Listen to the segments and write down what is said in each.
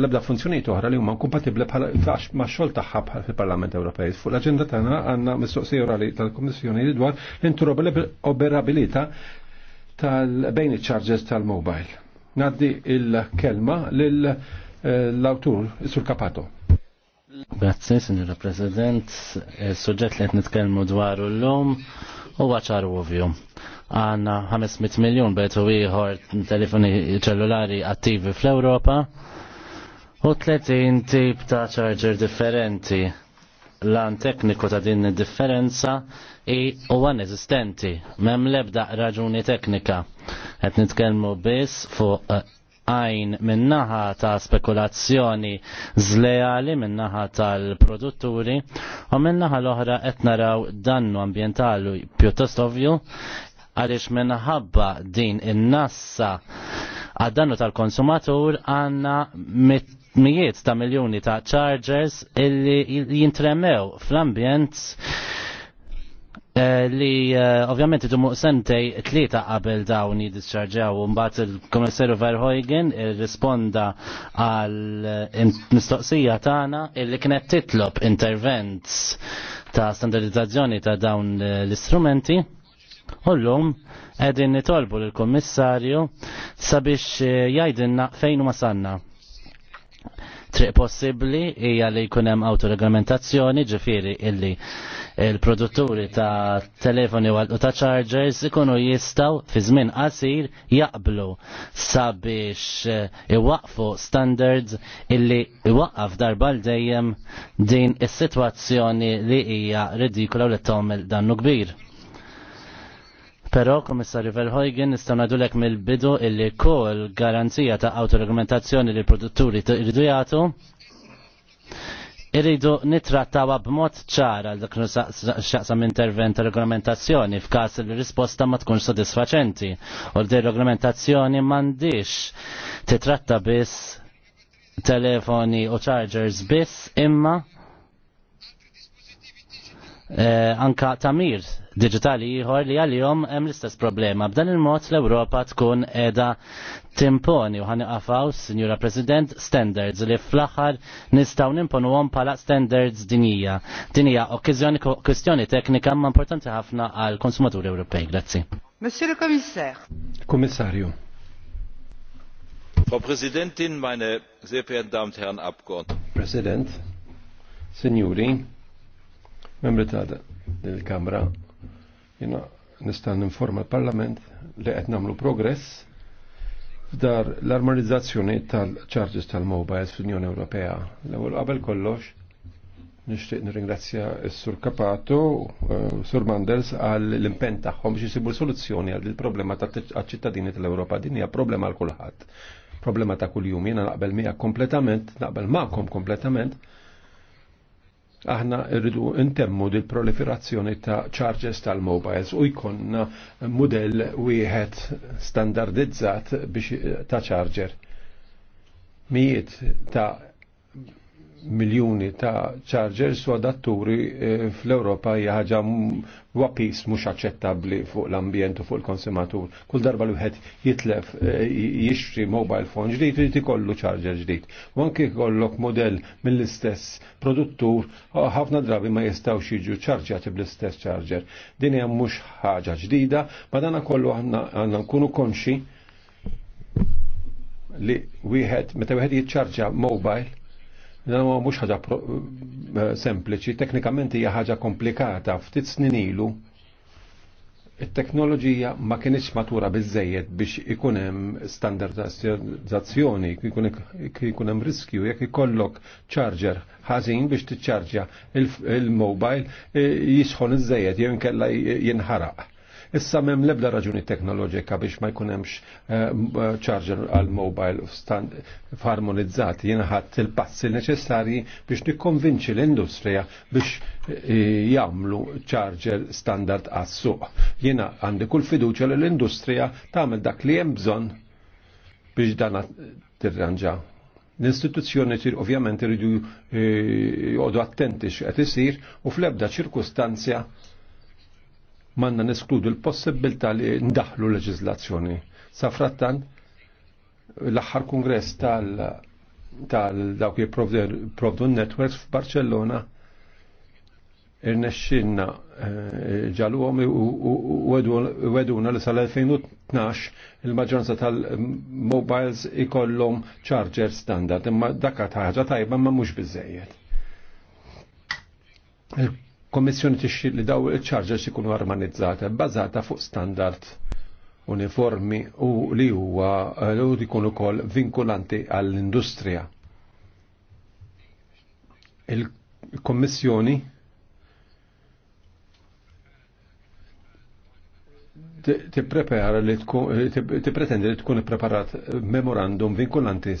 l-ebda funzjoniet oħra li huma kompatibbli ma' xogħol tagħha fil-Parlament Ewropej. Fuq l-aġenda tagħna għandna mistoqsija orali tal-Kummissjoni li dwar l-interoperabilità tal-bejn iċ-charges tal-mobile. Naddi il-kelma lill-awtur eh, Sur Kapato. Grazie, Signora President. Il-sujġett eh, li qed nitkellmu dwaru l-lum huwa ċar ovvju għanna 500 miljon betu ieħor telefoni ċellulari attivi fl-Ewropa U tletin tip ta' charger differenti. Lan tekniku ta' din id differenza i huwa eżistenti. Mem lebda raġuni teknika. Qed nitkellmu biss fuq eh, għajn minnaħa ta' spekulazzjoni zleali minnaħa tal-produtturi u minnaħa l-oħra qed naraw dannu ambientali pjuttost ovju għaliex minħabba din in-nassa għad-dannu tal-konsumatur għanna mijiet ta' miljoni ta' chargers illi jintremew fl-ambjent eh, li eh, ovvjament idumu sentej tlieta qabel dawn jiddisċarġaw u mbagħad il-Kummissarju Verhoeven irrisponda għal eh, mistoqsija tagħna illi kienet titlob intervent ta' standardizzazzjoni ta' dawn l-istrumenti. Ullum, għedin nitolbu l-Kommissarju sabiex eh, jajdinna fejn u masanna. Triq possibli hija li jkun hemm autoregolamentazzjoni ġifieri illi il-produtturi ta' telefoni u ta' chargers ikunu jistaw fi żmien qasir jaqblu sabiex eh, iwaqfu standards illi iwaqqaf darba l dejjem din is-sitwazzjoni li hija ridikula u li tagħmel dannu kbir. Pero, komissarju Verhoegen, nistaw nadulek mill-bidu illi kol garanzija ta' autoregumentazzjoni li produtturi irridu jgħatu irridu nitrattawa b'mod ċara għal dak xaqsam intervent ta' regolamentazzjoni f'każ li risposta ma tkunx sodisfaċenti. U l regolamentazzjoni m'għandix titratta biss telefoni u chargers biss imma eh, anka tamir digitali ieħor li għalihom hemm l-istess problema. B'dan il-mod l-Ewropa tkun qiegħda timponi u ħaniqafaw, Sinjura President, standards li fl-aħħar nistgħu nimponuhom pala standards dinija. Dinija okkiżjoni kwestjoni teknika ma importanti ħafna għal konsumaturi Ewropej. Grazzi. Monsieur le Commissaire. Kommissarju. Frau Präsidentin, meine sehr verehrten Damen und Herren Abgeordneten. Präsident, Signori, membri ta' il-Kamra, Jena nista' ninforma l-Parlament li qed nagħmlu progress f'dar l-armonizzazzjoni tal-charges tal mobile fl-Unjoni Ewropea. L-ewwel qabel kollox nixtieq nirringrazzja s-Sur Kapato, eh, Sur Mandels għal l-impenn tagħhom biex isibu soluzzjoni għal il-problema tal-ċittadini tal-Ewropa. Din hija problema għal kulħadd. Problema ta' kuljum jiena naqbel miha kompletament, naqbel magħkom kompletament aħna rridu intemmu dil proliferazzjoni ta' charges tal-mobiles u jkonna model wieħed standardizzat biex ta' charger. Mijiet ta' miljuni ta' chargers u adatturi eh, fl-Europa hija wapis mhux aċċettabbli fuq l-ambjent u fuq il-konsumatur. Kull darba li wieħed jitlef eh, jixtri mobile phone ġdid irid ikollu charger ġdid. U anke jkollok modell mill-istess produttur ħafna drabi ma jistgħux jiġu ċarġjati bl-istess charger. Din hija mhux ħaġa ġdida, ma dana kollu għanna nkunu konxi li wieħed meta wieħed jiċċarġa mobile Dan huwa mhux ħaġa eh, sempliċi, teknikament hija ħaġa komplikata. Ftit snin ilu it-teknoloġija ma kienx matura biżejjed biex ikun hemm standardizzazzjoni, ikun hemm riskju jekk ikollok charger ħażin biex tiċċarġja il-mobile eh, jisħon iżejjed jew inkella jinħaraq. Issa mem l-ebda raġuni teknoloġika biex ma jkunemx eh, eh, charger għal mobile farmonizzati jiena ħadd il-passi neċessarji biex nikkonvinċi l-industrija biex eh, jagħmlu charger standard għas-suq. Jiena għandi kull fiduċja li l-industrija tagħmel dak li hemm bżonn biex dan tirranġa l-istituzzjoni ovvjament iridu jgħodu attenti x'qed isir u fl-ebda ċirkustanzja manna neskludu l-possibilità li ndaħlu leġizlazzjoni. Safrattan, l-axħar kongress tal-dawk li provdu networks f'Barcellona irnexxinna eh, ġalu għom u weduna li sal-2012 il-maġġoranza tal-mobiles ikollhom charger standard, imma dakka ħaġa tajba ma mhux biżejjed Kommissjoni tixxi li daw il-chargers ikunu armanizzata, bazata fuq standard uniformi u li huwa li jkunu kol vinkulanti għall-industrija. Il-Kommissjoni tipprepara li tippretendi li tkun preparat memorandum vinkulanti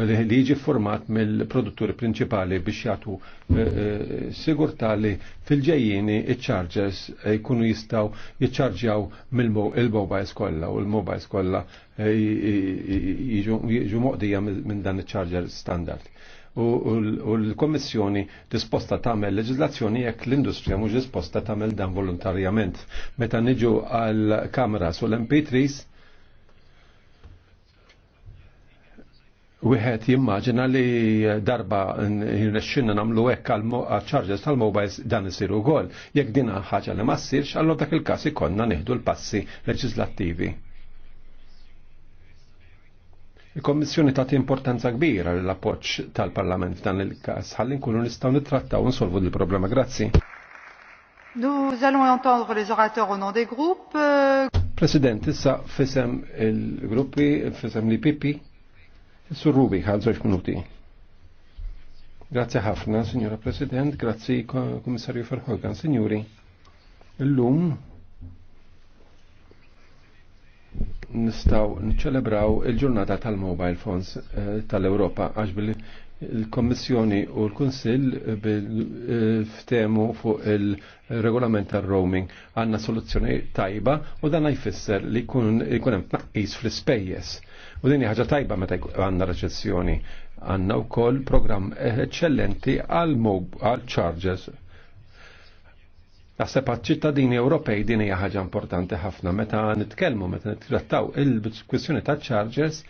li jiġi format mill-produtturi prinċipali biex jagħtu eh, eh, sigurtà li fil-ġejjini iċ-chargers eh, jkunu jistgħu jiċċarġjaw mill-mobiles kollha u l-mobiles kollha jiġu moqdija minn dan iċ-charger standard u l-Komissjoni disposta tagħmel leġislazzjoni jekk l-industrija mhux disposta tagħmel dan volontarjament. Meta niġu għal kameras u l-MP3s wieħed jimmaġina li darba jirnexxinna nagħmlu hekk għal-charges tal-mobiles dan isiru wkoll. Jekk din ħaġa li ma ssirx, allora dak il-każ ikollna nieħdu l-passi leġislattivi. Il-Kommissjoni tagħti importanza kbira l appoġġ tal-Parlament f'dan il-każ ħalli nkunu nistgħu nittrattaw nsolvu il problema Grazzi. Nous allons entendre les orateurs au nom des groupes. President, issa fisem il-gruppi, fisem li pipi, Surrubi, għal zoċ minuti. Grazie ħafna, Signora President, grazie Komissarju Ferħogan, Signori. Illum nistaw nċelebraw il-ġurnata tal-Mobile Phones eh, tal-Europa għax bil il-Kommissjoni u l-Kunsill eh, eh, ftemu fuq il-regolament tal-roaming għanna soluzzjoni tajba u dan jfisser li kun hemm tnaqqis fl-ispejjeż U din ħaġa tajba meta għandna għanna Għandna wkoll programm eċċellenti għal chargers Naħseb għat-ċittadini Ewropej din hija ħaġa importanti ħafna meta nitkellmu meta nittrattaw il-kwistjoni ta' chargers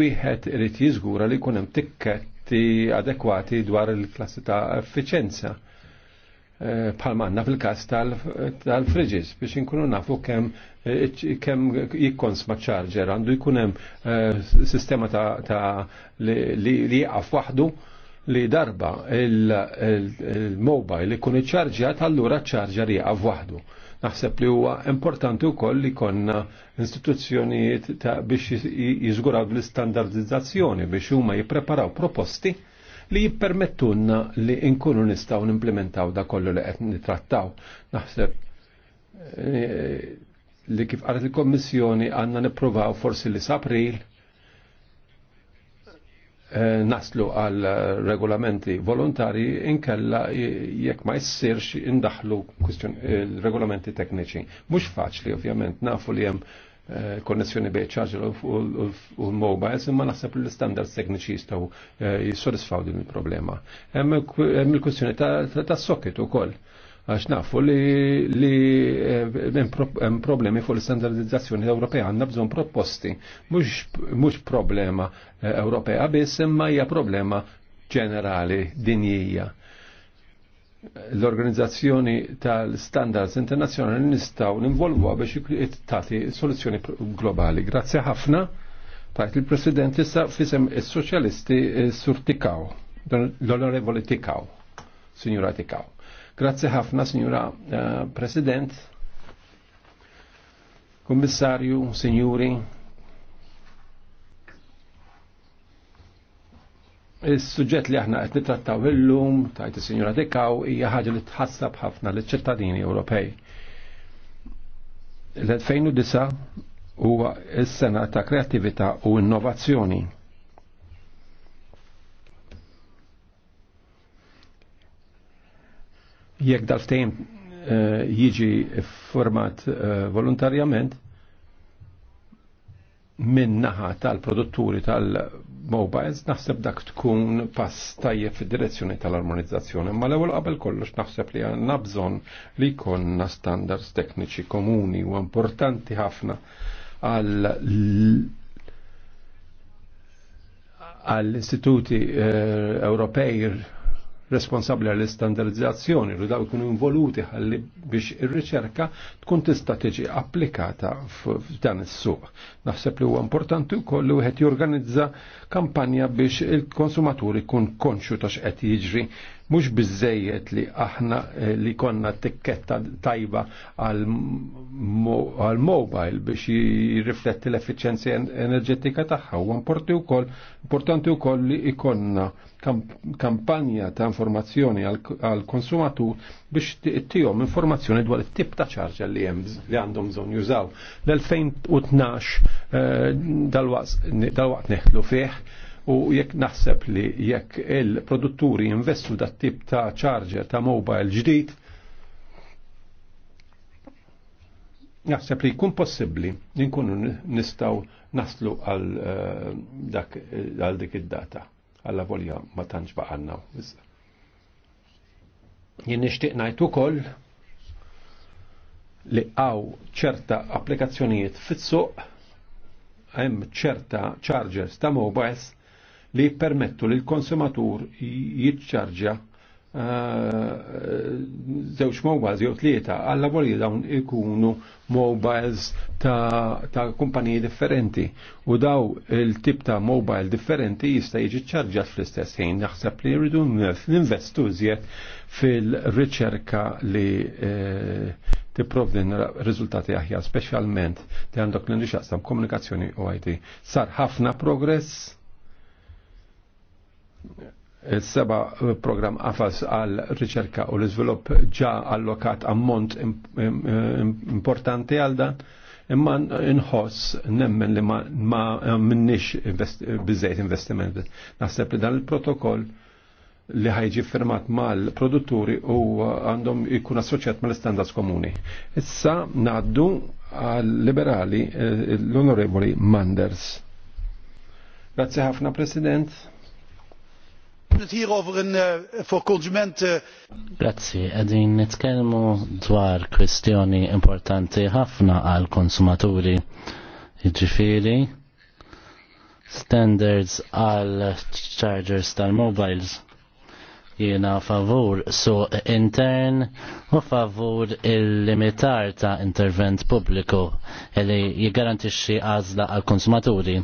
wieħed irid jiżgura li jkun hemm tikketti adekwati dwar il-klassi ta' effiċenza palmanna eh, fil-kas tal friġis biex inkunu nafu kem eh, kem jikkonsma ċarġer għandu jikunem eh, sistema ta' li jaqaf waħdu li darba il-mobile ikun iċċarġjat allura ċarġer jaqaf waħdu. Naħseb li huwa importanti wkoll li konna istituzzjonijiet biex jiżguraw l-istandardizzazzjoni biex huma jippreparaw proposti li jippermettunna li nkunu nistaw nimplementaw da kollu li qed trattaw. Naħseb eh, li kif qalet il-Kommissjoni għandna nippruvaw forsi li sapril eh, naslu għal regolamenti volontari inkella jekk ma jissirx indaħlu eh, regolamenti tekniċi. Mhux faċli ovvjament nafu li hemm Eh, konnessjoni bej ċarġer u l-mobiles imma naħseb li l standard tekniċi jistgħu eh, jissodisfaw din il-problema. Hemm il-kwestjoni ta' socket ukoll għax nafu li eh, hemm problemi fuq l-standardizzazzjoni Ewropea għandna bżonn proposti, mhux problema Ewropea biss imma hija problema ġenerali dinjija l-organizzazzjoni tal-standards internazzjonali nistaw ninvolvuha biex tagħti soluzzjoni globali. Grazzi ħafna. Tajt il-President issa fisem is-soċjalisti eh, sur Tikaw, l-Onorevoli Tikaw, Signora Tikaw. Grazzi ħafna, Signora eh, President, Kommissarju, Signuri, Is-suġġett li aħna qed nittrattaw illum tajt is-Sinjura Dikaw hija ħaġa li tħassab ħafna liċ-ċittadini Ewropej. L-2009 huwa s-sena ta' kreattività u innovazzjoni. Jekk dal-ftejn eh, jiġi format eh, volontarjament, minn naħa tal-produtturi tal-mobiles naħseb dak tkun pass tajjeb fid-direzzjoni tal-armonizzazzjoni, ma l-ewwel qabel kollox naħseb li għandna bżonn li jkollna standards tekniċi komuni u importanti ħafna għal għall-istituti eh, Ewropej responsabbli għall istandardizzazzjoni li daw ikunu involuti ħalli biex ir-riċerka tkun tista' tiġi applikata f'dan is-suq. Naħseb li huwa importanti wkoll li wieħed jorganizza kampanja biex il-konsumaturi ikun konxu ta' qed jiġri Mux bizzejiet li aħna eh, li konna tikketta tajba għal-mobile biex jirrifletti l-efficienzi enerġetika tagħha. U importi wkoll importanti wkoll li ikonna kampanja ta' informazzjoni għal-konsumatur biex tijom informazzjoni dwar it-tip ta' ċarġa li għandhom bżonn jużaw. L-2012 eh, dal-waqt neħlu fih U jekk naħseb li jekk il-produtturi investu dat tip ta' charger ta' mobile ġdid, naħseb li jkun possibbli jinkun nkunu nistaw naslu għal eh, dik id-data għalla volja ma tantx baqanna. Jien nixtieq ngħid ukoll li għaw ċerta applikazzjonijiet fit suq hemm ċerta chargers ta' mobiles li permettu li l-konsumatur jitċarġa eh, zewċ mobiles jew tlieta għalla volja dawn ikunu mobiles ta', ta kumpaniji differenti u daw il-tip ta' mobile differenti jista' jiġi ċarġat fl-istess ħin naħseb li jridu ninvestu iżjed fil-riċerka li eh, provdin riżultati aħjar, speċjalment ti għandok l-nixaqsam komunikazzjoni u IT. Sar ħafna progress Seba eh, program AFAS għal riċerka u l izvilup ġa allokat ammont importanti għal dan, imma nħoss nemmen li ma eh, minnix bizzejt investiment. Naħseb li dan il-protokoll li ħajġi firmat mal-produtturi u għandhom ikun assoċjat mal-standards komuni. Issa naddu għal-liberali eh, l-onorevoli Manders. Grazie ħafna, President. Eh, Grazzi, għedin nitkelmu dwar kwestjoni importanti ħafna għal konsumaturi ġifiri standards għal chargers tal-mobiles jiena favur suq intern u favur il-limitar ta' intervent pubbliku li jiggarantixxi għażla għal konsumaturi.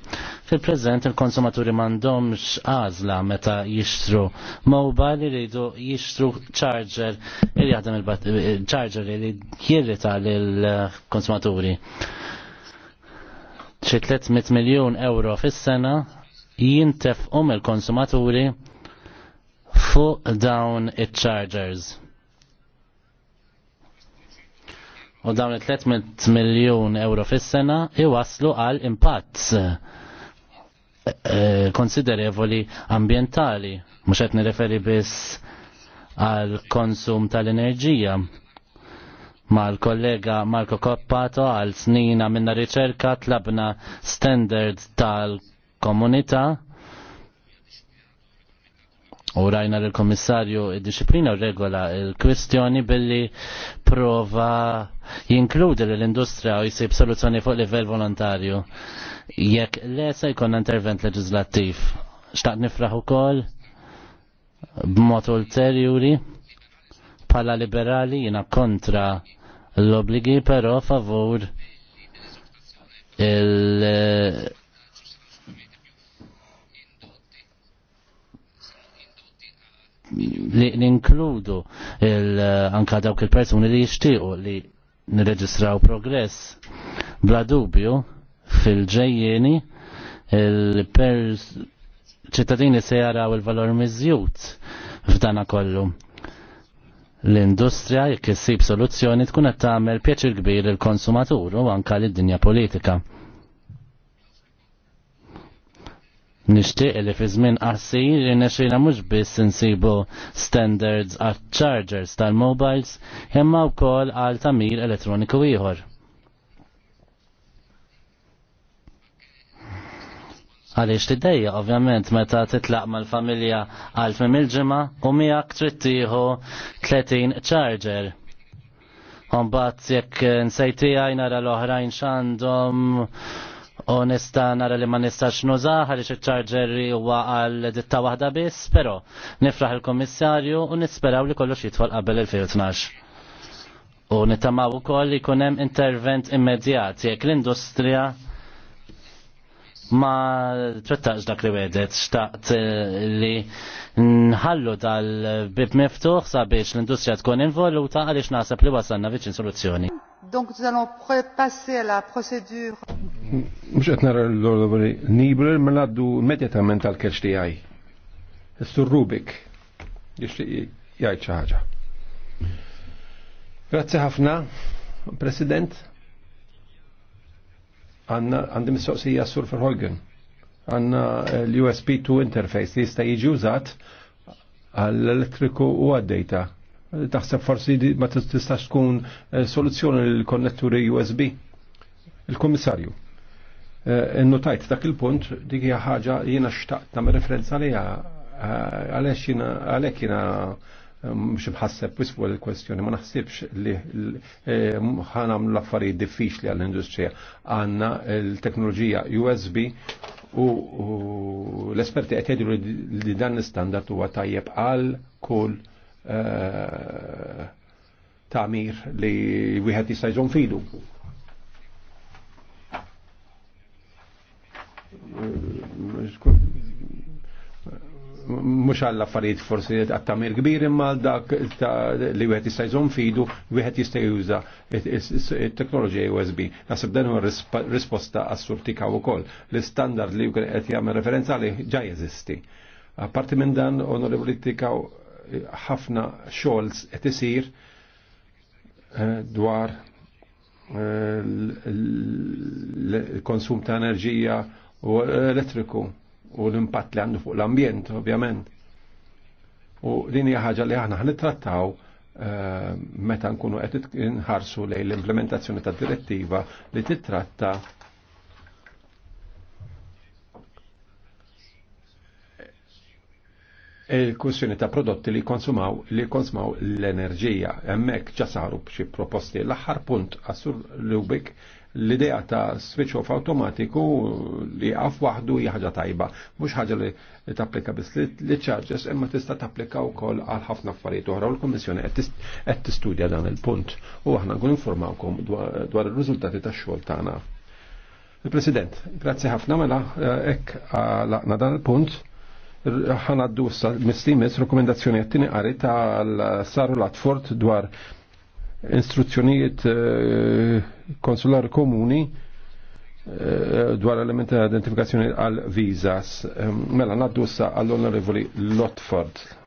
Fil-preżent il-konsumaturi m'għandhomx għażla meta jixtru mobile jridu jixtru charger li jaħdem il-charger li jirrita lill-konsumaturi. 300 miljun euro fis-sena jintef um il konsumaturi fuq dawn it-chargers. U dawn it-300 miljon euro fis-sena iwaslu għal impatt eh, eh, konsiderevoli ambientali, mhux qed nirreferi biss għal konsum tal-enerġija. Mal-kollega Marco Coppato għal snina minna riċerka tlabna standard tal-komunità U rajna l-Komissarju id-disciplina u regola il-kwistjoni billi prova jinkludi l-industrija u jisib soluzzjoni fuq livell volontarju. Jekk le se jkun intervent leġislattiv. Xtaqt nifraħ ukoll b'mod ulterjuri pala liberali jina kontra l-obligi però favur il- li ninkludu eh, anka dawk il-persuni li jixtiequ li nirreġistraw progress bla dubju fil-ġejjeni il-ċittadini se jaraw il-valor miżjud f'dana kollu. L-industrija jekk issib soluzzjoni tkun qed tagħmel pjaċir kbir il-konsumatur u anka lid-dinja politika. Nishtiq li fi żmien qasir irnexxina mhux biss insibu standards għat-chargers tal-mobiles imma wkoll għal tamir elettroniku ieħor. Għaliex tiddejja ovvjament, meta titlaq mal-familja għal minn il-ġimgħa u miegħek trid tieħu 30 charger. Mbagħad jekk nsejtija jnara l-oħrajn x'għandhom Onesta nara li ma nistax nuża ħaliex iċ-ċarġeri huwa għal ditta waħda biss, però nifraħ il-Kummissarju u nisperaw li kollox jitwal qabel il-2012. U nittamaw ukoll li jkun hemm intervent immedjat jekk l-industrija ma twettax dak li wedet, xtaqt eh, li nħallu dal-bib miftuħ sabiex l-industrija tkun involuta għaliex naħseb li wasanna viċin soluzzjoni. Donc nous allons passer à la procédure. Mux għetna l-ordovri nibler, ma mela naddu immedjatament għal-kerċ ti għaj. Istur Rubik, jishtiq jgħaj ċaħġa. Grazie ħafna, President. Għanna għandim s soqsija sur Verhoeven. Għanna eh, l-USB2 interface li jista' jiġi użat għall elektriku u għad-data. Taħseb forsi ma tistax tkun eh, soluzzjoni l-konnetturi USB. Il-Komissarju. Eh, Notajt dak il-punt dik hija ħaġa jiena xtaqt nagħmel referenza għaliha. Eh, għalhekk jiena għalhekk jiena eh, mx mħasseb wisfu l-kwestjoni, ma naħsibx li ħanam l-affarijiet diffiċli għall-industrija. għandna l-teknoloġija USB u l-esperti qed jgħidu li dan l istandard huwa tajjeb għal kull tamir li wieħed jista' jżomm fidu. mux għall affarijiet forsi għattamir kbir imma dak li wieħed jista' jżomm fidu wieħed jista' juża il teknologi USB. Nasib dan huwa risposta assurtika wkoll l-istandard li qed jagħmel referenza li ġa jeżisti. Apparti minn dan, onorevoli tikaw, ħafna xogħols qed isir eh, dwar eh, l-konsum ta' enerġija u elettriku u l-impatt li għandu fuq l-ambjent, ovvjament. U din hija ħaġa li aħna ħnittrattaw eh, meta nkunu qed inħarsu lejn l-implementazzjoni tad direttiva li titratta il-kussjoni ta' prodotti li konsumaw li konsumaw l-enerġija. Hemmhekk ġasaru saru b'xi proposti l-aħħar punt għasur ubik l-idea ta' switch off automatiku li għaf waħdu ħaġa tajba, mhux ħaġa li tapplika biss li charges imma tista' tapplika wkoll għal ħafna affarijiet oħra u l għed qed tistudja dan il-punt u aħna għun informawkom dwar ir-riżultati tax-xogħol tagħna. Il-President, grazzi ħafna mela eh, Ek laqna dan il-punt ħanaddu s-mistimis rekomendazzjoni għattini għari tal-saru l-atfort dwar Instruzzjonijiet eh, konsulari komuni eh, dwar element ta' identifikazzjoni għal visas. Eh, mela, naddu sa' għall-onorevoli Lotford.